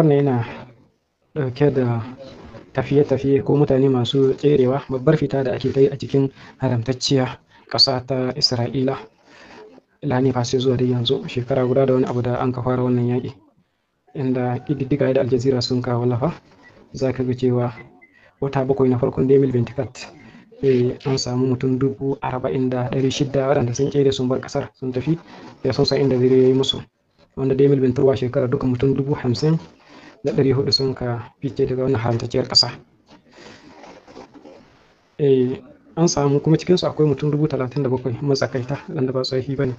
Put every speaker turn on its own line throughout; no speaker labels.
wannan yana ɗauke da tafiye-tafiye ko mutane masu tserewa babbar fita da ake ta yi a cikin haramtacciya ƙasa ta isra'ila lani fasai zuwa dai yanzu shekara guda da wani abu da an ka fara wannan yaƙi inda ƙididdiga da aljazira sun kawo lafa za ka ga cewa wata bakwai na farkon demil venticat eh, an samu mutum dubu arba'in da ɗari shida waɗanda sun ƙere sun bar ƙasar sun tafi da sun san inda zai yi musu wanda demil bentikat shekara duka mutum dubu hamsin da ɗari hudu sun ka fice daga wani haramtacciyar ƙasa eh, an samu kuma cikinsu akwai mutum dubu talatin da bakwai matsakaita wanda ba tsohi ba ne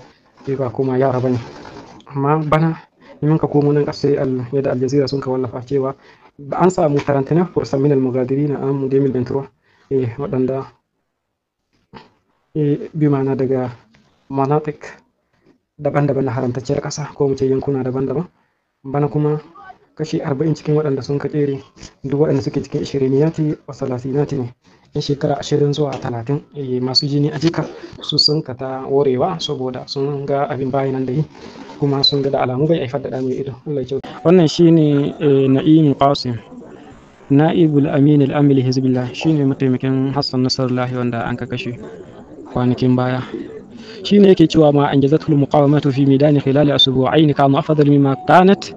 eh, ba kuma yara ba ne amma bana in ka komo nan ƙasa yadda aljazira sun ka wallafa cewa ba an samu tarantina ko al-mughadiri na amu da emil ventura eh, waɗanda bi mana daga manatik daban-daban na haramtacciyar ƙasa ko mace yankuna daban-daban bana kuma kashi 40 cikin waɗanda sun kaɗere duk waɗanda suke cikin ishiriniyati wa salasinati ne in shekara 20 zuwa 30 eh, masu jini a jika su sun ta warewa saboda sun ga abin nan da yi kuma sun ga da alamu bai haifar da ɗa mai ido Allah ya wannan shine eh, Na'im Qasim Na'ibul Amin al-Amil Hizbillah shine mataimakin Hassan Nasrullahi wanda an ka kashe kwanakin baya shine yake cewa ma anjazatul muqawamatu fi midani khilal asbu'ain kama afdal mimma kanat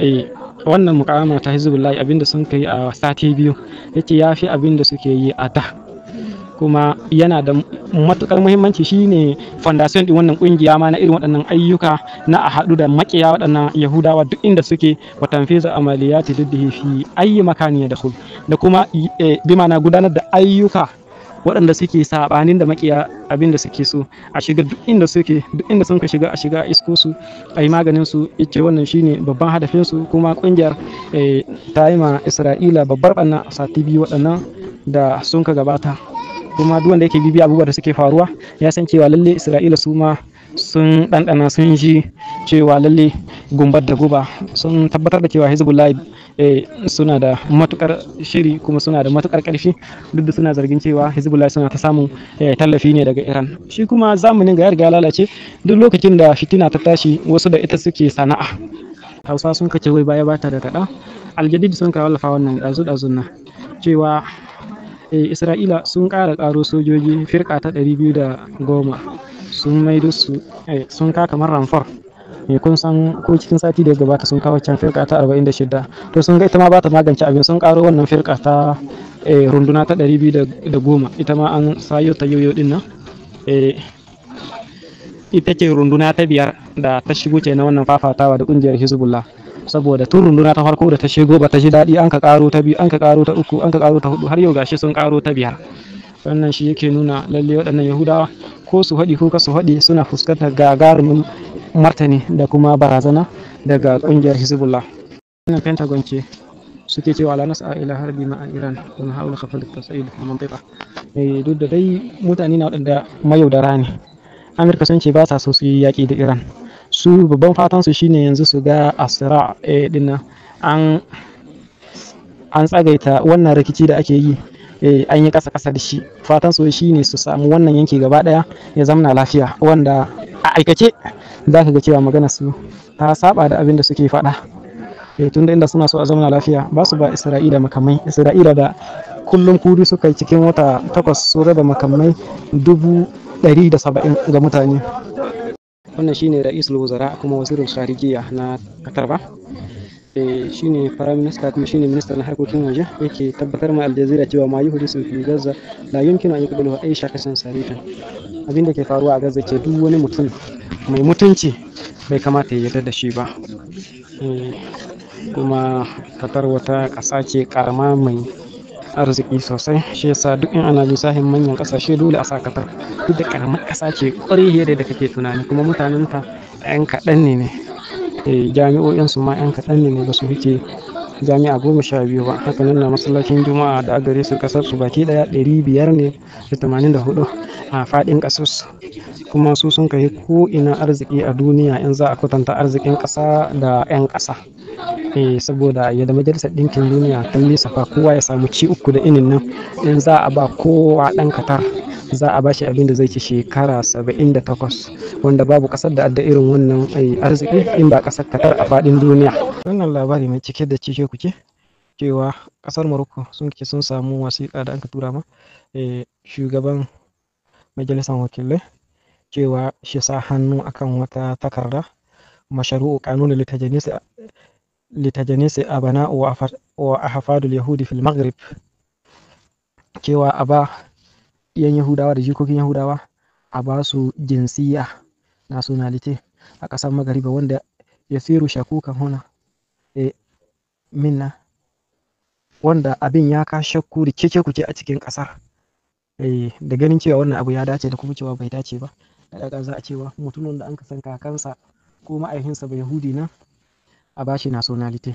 Eh, wannan mukawama ta hizbullahi abinda sun kai a sati biyu yake yafi abinda suke yi a da kuma yana da matukar muhimmanci shine foundation din wannan kungiya ma na irin waɗannan ayyuka na a haɗu da makiya waɗannan yahudawa duk inda suke wa tanfiza amaliyati diddihi fi ayi makani da da kuma eh, bi na gudanar da ayyuka waɗanda suke sabanin da makiya abin da suke so a shiga duk inda suke duk inda sun ka shiga a shiga isko su a yi maganin su ice wannan shine babban hadafin su kuma kungiyar eh, ta yi ma isra'ila babbar ɓanna a sati biyu waɗannan da sun ka gabata kuma duk wanda yake bibiya abubuwa da suke faruwa ya san cewa lalle isra'ila su ma sun ɗanɗana sun ji cewa lalle gumbar da guba sun tabbatar da cewa hezbollah eh, suna da matukar shiri kuma suna da matukar ƙarfi duk da suna zargin cewa hezbollah suna ta samun eh, tallafi ne daga iran shi kuma zamanin ga yarga lalace duk lokacin da fitina ta tashi wasu da ita suke sana'a hausa sun kace wai baya bata da kaɗa aljadid sun kawo lafa wannan ɗazu-ɗazun nan cewa eh, isra'ila sun kara karo sojoji firka ta ɗari biyu da goma sun maido su eh, sun ka kamar ramfor me eh, kun san ko cikin sati da gabata sun kawo can firka ta 46 to sun ga ita ma ba ta magance abin sun karo wannan firka ta eh, runduna ta 210 ita ma an sayo ta yoyo din nan ita ce runduna ta biyar da ta shigo ce na wannan fafatawa da kungiyar hezbollah saboda tun runduna ta farko da ta shigo ba ta ji daɗi an ka karo ta biyu an ka karo ta uku an ka karo ta hudu har yau gashi sun karo ta biyar wannan shi yake nuna lalle waɗannan yahudawa ko su haɗi ko su haɗi suna fuskantar gagarumin martani da kuma barazana daga ƙungiyar hezbollah wannan pentagon ce suke cewa la nasa ila harbi ma iran wa nahawla khafal tasayid fi mantiqa eh duk da dai mutane na waɗanda mayaudara ne amurka sun ce ba sa so su yi yaƙi da iran su babban fatan su shine yanzu su ga asira eh dinnan an an tsagaita wannan rikici da ake yi Eh, an yi kasa kasa da shi fatan su ne su samu wannan yanki gaba daya ya zamana lafiya wanda a aikace za ka ga cewa magana su ta saba da abin da suke faɗa eh, tun da inda suna so a zamana lafiya ba su ba isra'ila makamai isra'ila da kullum kuri suka yi cikin wata takwas su raba makamai dubu ɗari da saba'in ga mutane wannan shine ra'isul wuzara kuma wazirin sharigiya na katar Eh, shine prime minister kuma shine minister na harkokin waje yake tabbatar ma aljazeera cewa ma yuhudi su fi gaza la yumkinu an yuqbalu aisha kasan sarita abin da ke faruwa a gaza ce duk wani mutum mai mutunci bai kamata ya yarda da shi ba eh, kuma katar wata ƙasa ce karama mai arziki sosai shi yasa duk in ana lissafin manyan kasashe dole a sa duk da karamar ƙasa ce ƙwarihiyar da kake tunani kuma mutanenta ƴan kaɗan ne ne Eh, jami'o'in su ma 'yan kaɗan ne ba su wuce jami'a goma sha biyu ba haka nan na masallacin juma'a da agare su kasar su baki ɗaya ɗari biyar ne da tamanin da hudu a faɗin ƙasar kuma su sun kai ko ina arziki a duniya in za a kwatanta arzikin ƙasa da 'yan ƙasa eh, saboda yadda majalisar ɗinkin duniya ta safa kowa ya samu ci uku da inin nan in za a ba kowa ɗan katar za a bashi abin da zai ci shekara 78 wanda babu kasar da adda irin wannan eh, arziki in ba kasar Qatar a fadin duniya wannan labari mai cike da cike kuke cewa kasar Morocco sun ke sun samu wasiƙa da an ka tura ma eh, shugaban majalisar wakilai cewa shi sa hannu akan wata takarda kanuna kanunin a bana wa ahfadul yahudi fil maghrib cewa a ba 'yan Yahudawa da jikokin Yahudawa a ba su jinsiya nationality a ƙasar magariba wanda ya siru shakukan huna e, eh, minna wanda abin ya ka shakku da keke kuke a cikin ƙasar e, da ganin cewa wannan abu ya dace da kuma cewa bai dace ba daga za a cewa mutumin da an ka san kakansa ko ma'aikinsa ba yahudi na a bashi nationality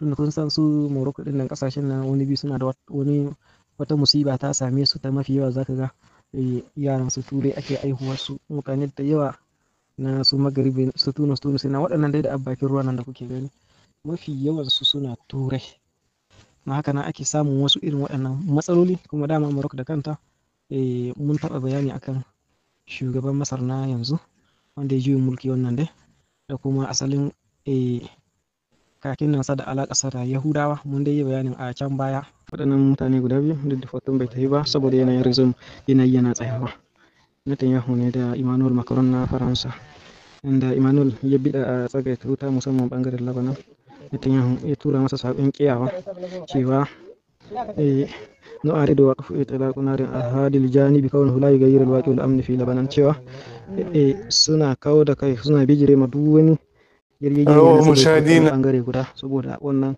da kun san su morocco din nan kasashen nan wani biyu suna da wani wata musiba ta same su ta mafi yawa zaka ga eh, yaran su turai ake aihuwar su mutane da yawa na su magaribi su tunis na waɗannan dai da abakin ruwa nan da kuke gani mafi yawan su suna turai na haka nan ake samun wasu irin waɗannan matsaloli kuma dama marok da kanta eh, mun taɓa bayani akan shugaban Masar na yanzu wanda ya juyin mulki wannan dai da kuma asalin eh, Kakin kakinansa da alakarsa da yahudawa mun dai yi bayanin a can baya waɗannan mutane guda biyu duk da fatan bai tafi ba saboda yanayin rizum yanayi yana tsayawa netanyahu ne da emmanuel macron na faransa inda emmanuel ya bida a tsagaita wuta musamman bangaren labanan netanyahu ya tura masa saƙon kiyawa cewa نعارض وقف إطلاق a هذا الجانب كونه لا يغير الواقع amni fi labanan cewa eh, suna kawo da kai suna bijire ma duk wani yarjejeniya bangare guda saboda wannan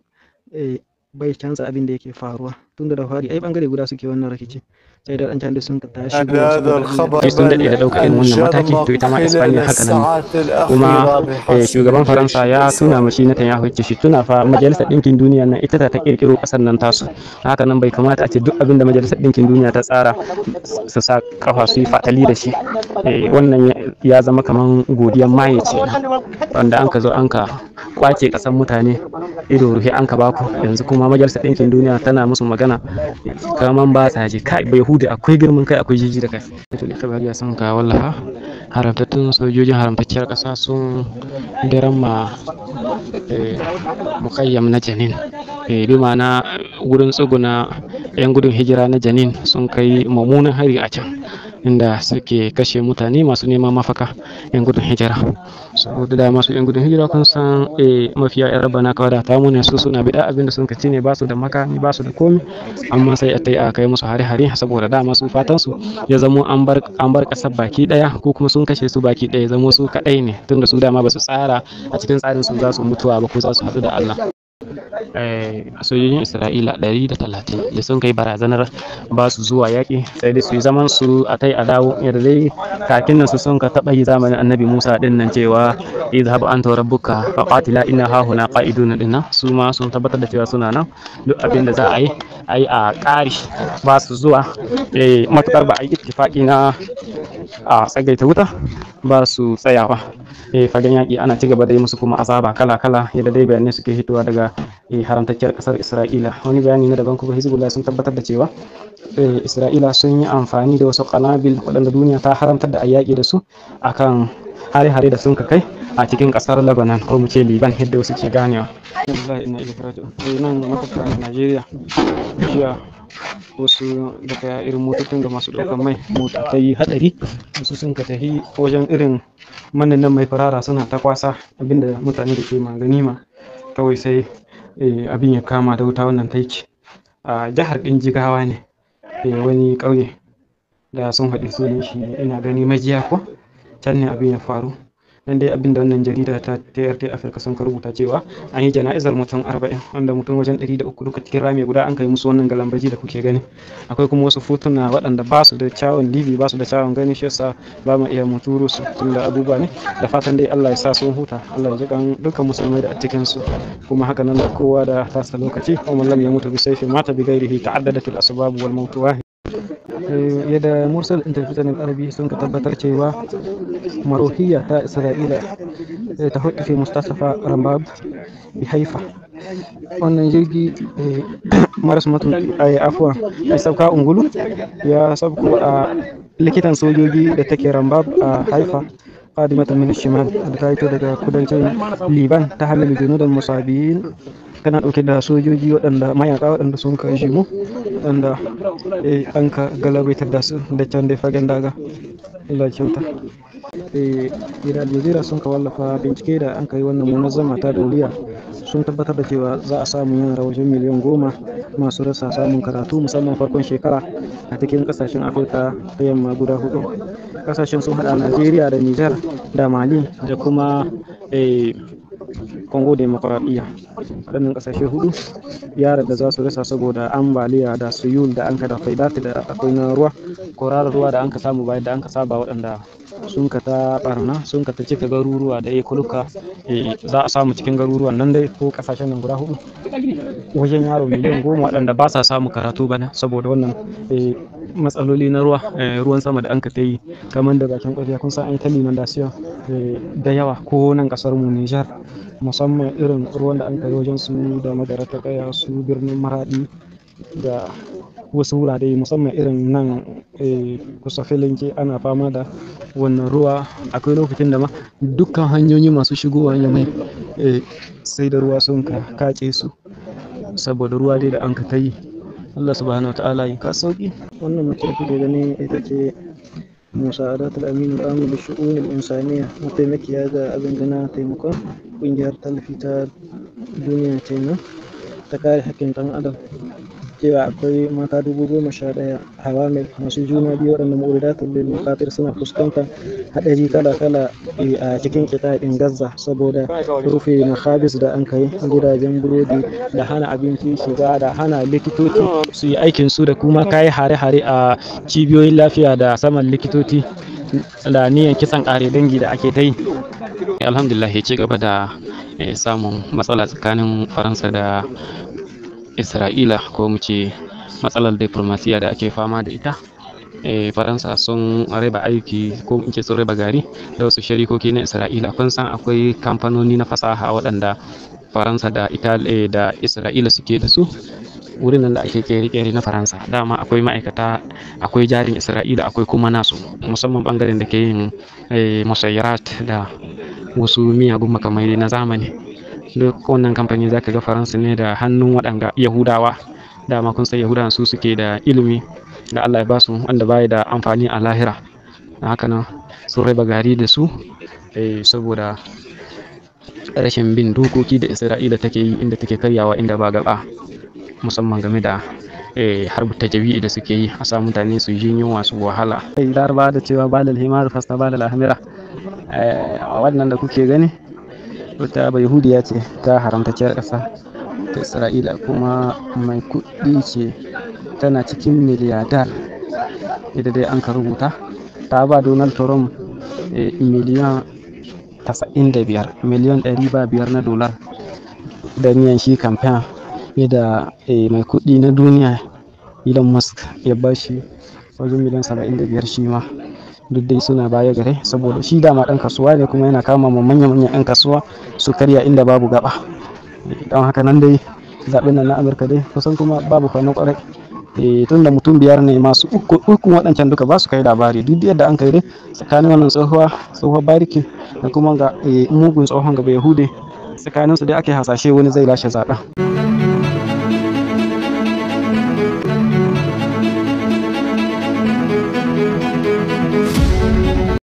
eh, bai canza abin da yake faruwa tunda da fari ai bangare guda suke wannan rikici sai da ka tashi sun daɗe da ɗaukar irin wannan mataki to ita ma Espanya haka nan kuma eh, shugaban Faransa ya tuna mashi na tanya hujji shi tuna fa majalisar ɗinkin duniya nan ita ta kirkiro ƙasar nan tasu haka nan bai kamata a ce duk abin da majalisar ɗinkin duniya ta tsara su sa kafa su yi fatali da shi eh, wannan ya zama kamar godiyan maye ce wanda an ka zo an ka kwace ƙasar mutane ido ruhe an ka baku yanzu kuma majalisar ɗinkin duniya tana musu magana kaman ba sa ji kai bai bude akwai girman kai akwai jiji da kai to bari kabari san ka wallafa haramtattun sojojin haramtacciyar kasa sun ma eh, mukayyam na janin eh, bi ma'ana eh, wurin tsuguna yan gudun hijira na janin sun kai mummunan hari a can inda suke kashe mutane masu neman mafaka yan gudun hijira saboda da masu yan gudun hijira kun san eh mafiya yan rabana kawai da tamu ne su suna bida abinda sun kaci ne basu da makami basu da komi amma sai a tai a kai musu hari-hari saboda dama masu fatan su ya zamo an bar an bar kasar baki daya ko kuma sun kashe su baki daya zamo su kadai ne tunda su dama ba su tsara a cikin tsarin su za su mutuwa ba ko za su haɗu da Allah Eh, sojojin isra'ila 130 da sun kai barazanar ba su zuwa yaƙi sai dai su yi zaman su a tai a dawo yadda kakin nan su sun ka taɓa yi zamanin annabi musa din nan cewa idhab anta rabbuka ina qatila inna hahuna qa'iduna din nan su ma sun tabbatar da cewa suna nan duk abin da za a yi a yi a ƙari ba su zuwa eh, matukar ba a yi na a tsagaita wuta ba su tsayawa e eh, fagen yaƙi ana ci gaba da yi musu kuma azaba kala kala yadda dai bayanai suke hitowa daga eh, haramtacciyar ƙasar Isra'ila wani bayani na daban kuma Hezbollah sun tabbatar da cewa eh, Isra'ila sun yi amfani da wasu kanabil waɗanda duniya ta haramtar da a yaƙi da su akan hare-hare da sun ka kai a cikin ƙasar Labanan ko mu Liban yadda wasu ke ganewa. Nan Najeriya. wasu daga irin motocin ga masu daukan mai mota ta yi hatsari wasu sun ka tafi wajen irin manan mai farara suna ta kwasa abinda mutane da ke magani ma kawai sai eh, abin ya kama da wuta wannan taiki a jihar jigawa ne eh, wani kauye da sun haɗe sunan shi ina gani majiya ko can ne abin ya faru nan dai abinda wannan jarida ta TRT Africa sun rubuta cewa an yi jana'izar mutum 40 wanda mutum wajen 103 duka cikin rami guda an kai musu wannan galambaji da kuke gani akwai kuma wasu fotuna waɗanda ba su da kyawun libi ba su da kyawun gani shi yasa ba mu iya mu turo su tunda abubuwa ne da fatan dai Allah ya sa sun huta Allah ya jikan dukkan musulmai da a cikin su kuma haka nan da kowa da tasa lokaci kuma mallam ya mutu bi sayfi mata bi ghairihi ta'addadatil asbab wal mawtu Eh, yadda mursal intervention al-arabi sun ka tabbatar cewa Marohiya ta isra'ila eh, ta hudu fi mustasafa rambab bi haifa wannan jirgi eh, maras matu yi afuwa mai sauka ungulu ya sabku a likitan sojoji da take rambab a haifa قادمة من الشمال الرايت daga kudancin liban ta hamilu da musabin tana dauke da sojoji waɗanda mayaka waɗanda sun kashe mu waɗanda eh, an ka galabaitar da su da can dai fagen daga Allah kyauta eh, Iran Jazeera sun ka wallafa bincike da an kai wannan munazzama ta dauriya sun tabbatar da cewa za a samu yara wajen miliyan goma masu rasa samun karatu musamman farkon shekara a cikin kasashen afirka ta yamma guda hudu kasashen sun hada najeriya da nijar da mali da kuma kongo eh, demokuraɗiyya waɗannan ƙasashe hudu yara da za su rasa saboda ambaliya da suyun da an ka da faidata da akwai na ruwa korar ruwa da an ka samu bayan da an ka saba waɗanda sun ka ta barna sun ka ta cika garuruwa da ekuluka eh, za a samu cikin garuruwan nan dai ko kasashen nan guda hudu wajen yaro miliyan goma waɗanda ba sa samu karatu bana saboda wannan eh, matsaloli na ruwa eh, ruwan sama da an ka ta yi kamar da bakin ƙwarya kun san an yi ta inundation da yawa ko nan kasar mu Nijar musamman irin ruwan da an yi wajen su da ta kaya su birnin maradi da wasu wurare musamman irin nan eh, kusa filinge ana fama da wannan ruwa akwai lokacin da ma dukkan hanyoyi masu shigowa ya mai eh, sai da ruwa sun kace su saboda ruwa dai da an ka yi Allah subhanahu wataala ya ka sauki wannan mutum da gani ita ce مساعدات الأمين العام للشؤون الإنسانية متمك هذا أبن جنا ta ونجار تلفتا ta kare haƙƙin حكين adam. cewa akwai mata dubu goma sha ɗaya hawamil masu juna biyu waɗanda ta lil mukatir suna fuskantar haɗari kala-kala eh, a cikin in gaza saboda rufe makabis da an kai gidajen burodi da hana abinci shiga da hana likitoci su yi aikin su da kuma kayi hare-hare a cibiyoyin lafiya da saman likitoci da niyan kisan ƙare dangi da ake ta yi alhamdulillah ya ci gaba da eh, samun matsala tsakanin faransa da isra'ila ko mu ce matsalar diplomasiya da ake fama da ita e, faransa sun raba aiki ko in ce sun raba gari da wasu sharikoki na isra'ila kun san akwai kamfanoni na fasaha waɗanda faransa da italy eh, da isra'ila suke da su wurin nan da ake kere-kere na faransa dama akwai ma'aikata akwai jarin isra'ila akwai kuma nasu musamman bangaren da ke yin eh, musayyarat da wasu miyagun makamai na zamani duk wannan kamfani zaka ga faransa ne da hannun waɗanga yahudawa dama kun san yahudawa su suke da ilimi da allah ya basu wanda baya da amfani a lahira da haka nan sun raba gari da su eh, saboda rashin bin dokoki da isra'ila take yi inda take karyawa inda ba gaba musamman game da eh, harbi ta jabi'i da suke yi a sa mutane su yi yunwa su wahala. Laraba da cewa balal himar fasta balal ahmira eh, wannan da kuke gani wata ba yahudiya ce ta haramta ciyar ƙasa ta isra'ila kuma mai kuɗi ce tana cikin miliyadar idan dai an ka rubuta ta ba donald trump eh, miliyan 95 miliyan 500 na dolar da niyan shi kamfen da eh, mai kuɗi na duniya elon musk ya ba shi wajen miliyan 75 shi ma duk dai suna baya gare saboda shi dama dan kasuwa ne kuma yana kama ma manya-manyan 'yan kasuwa su karya inda babu gaba don haka nan dai zaɓen nan na amurka dai kusan kuma babu kwanan kwarai eh, tun da mutum biyar ne masu uku waɗancan duka ba su kai labari duk yadda an kai dai tsakanin wannan tsohuwa tsohuwar bariki da kuma ga eh, mugun tsohon gaba yahude su dai ake hasashe wani zai lashe zaɓen